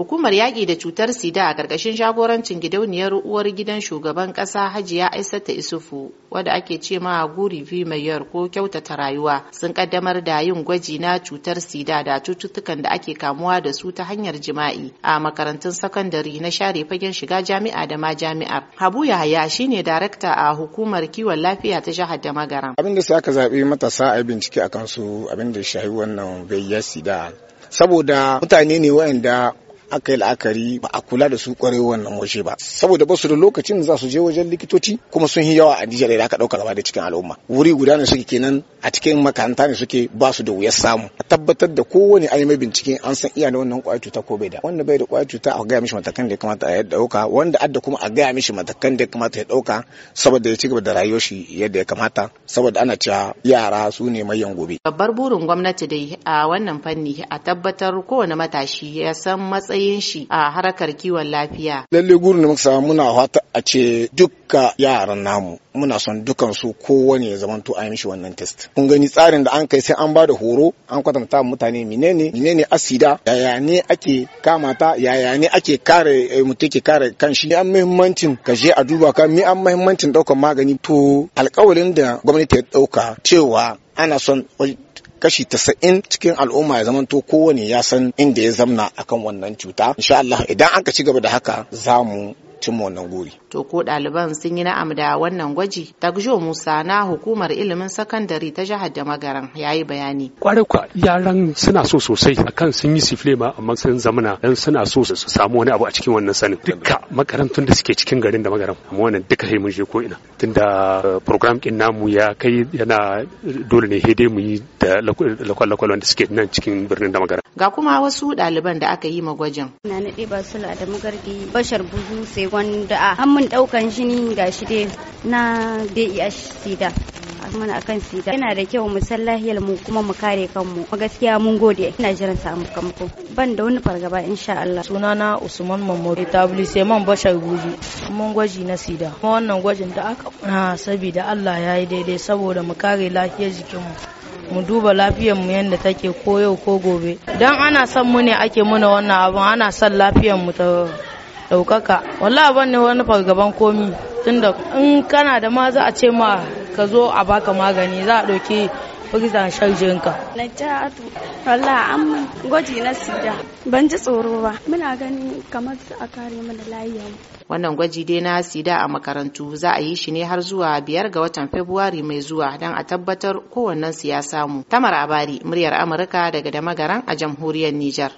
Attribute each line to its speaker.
Speaker 1: Hukumar yaƙi da cutar sida a ƙarƙashin shagorancin gidauniyar uwar gidan shugaban ƙasa Hajiya Aisata Isufu wadda ake ce ma guri vi mayor ko kyautata rayuwa sun ƙaddamar da yin gwaji na cutar sida da cututtukan da ake kamuwa da su ta hanyar jima'i a makarantun sakandare na share fagen shiga jami'a da ma jami'ar. Habu Yahaya shine darakta a hukumar kiwon lafiya ta jihar da Magaram.
Speaker 2: Abin da sai aka zaɓi matasa a bincike akan su abin da shahi wannan gayyar sida saboda mutane ne waɗanda aka yi la'akari ba a kula da su kwarai wannan waje ba saboda ba su da lokacin za su je wajen likitoci kuma sun yi yawa a Nijar da aka ɗauka gaba da cikin al'umma wuri guda ne suke kenan a cikin makaranta ne suke ba su da wuyar samu a tabbatar da kowane an yi mai bincike an san iya da wannan kwayar cuta ko bai da wanda bai da kwayar cuta a gaya mishi matakan da ya kamata ya dauka wanda adda kuma a gaya mishi matakan da ya kamata ya ɗauka saboda ya ci gaba da rayuwar shi yadda ya kamata saboda ana cewa yara su ne mayan gobe
Speaker 1: babbar burin gwamnati dai a wannan fanni a tabbatar kowane matashi ya san matsayin matsayin shi a harkar kiwon lafiya.
Speaker 2: Lalle gurin da muka muna fata a ce dukka yaran namu muna son dukan su kowane ya zamanto a yi mishi wannan test. Kun gani tsarin da an kai sai an bada horo an kwatanta mutane menene menene asida yaya ne ake kama ta yaya ne ake kare eh, mutum ke kare kanshi. Ni an muhimmancin ka je a duba ka mi an muhimmancin ɗaukar magani to alkawarin da gwamnati ya ɗauka cewa ana son kashi tasa'in cikin al'umma ya zamanto kowane ya san inda ya zamna akan wannan cuta insha Allah idan aka ci gaba da haka za mu cimma wannan guri.
Speaker 1: To ko ɗaliban sun yi na'am da wannan gwaji? Tagjo Musa na hukumar ilimin sakandare ta jihar da ya yi
Speaker 3: bayani. Kwarai kwa yaran suna so sosai a kan sun yi sifile ma amma sun zamana dan suna so su samu wani abu a cikin wannan sanin. Dukka makarantun da suke cikin garin da magaran amma wannan duka sai mun je ko ina. Tunda uh, program ɗin namu ya kai yana dole ne hede mu yi da lakwal-lakwal wanda suke nan cikin birnin da magaran.
Speaker 4: ga kuma wasu ɗaliban da aka yi ma gwajin. Na na ɗiba sula da magargi bashar buzu sai wanda a hannun ɗaukan jini ga shi dai na DIH e sida. mana akan sida yana da kyau mu san lahiyar mu kuma mu kare kanmu A gaskiya mun gode ina jiran samu kamko ban da wani fargaba insha Allah sunana Usman Mamman Tabli sai man bashar buzu mun gwaji na sida kuma wannan gwajin da aka na ah, sabida Allah ya yi daidai saboda mu kare lahiyar jikinmu mu duba lafiyar mu yadda take ko yau ko gobe dan ana son mu ne ake muna wannan abun ana son lafiyar mu ta ɗaukaka wallahi ban ne wani fargaban komi tunda in kana da ma za a ce ma ka zo a baka magani za a ɗauki ja a tu walla an gwaji na sida. Ban ji tsoro ba. Muna ganin kamar a kare mana layin.
Speaker 1: Wannan gwaji dai na sida a makarantu za a yi shi ne har zuwa biyar ga watan Fabrairu mai zuwa don a tabbatar kowannen su ya samu. Tamar Abari, muryar Amurka daga Damagaran a jamhuriyar Nijar.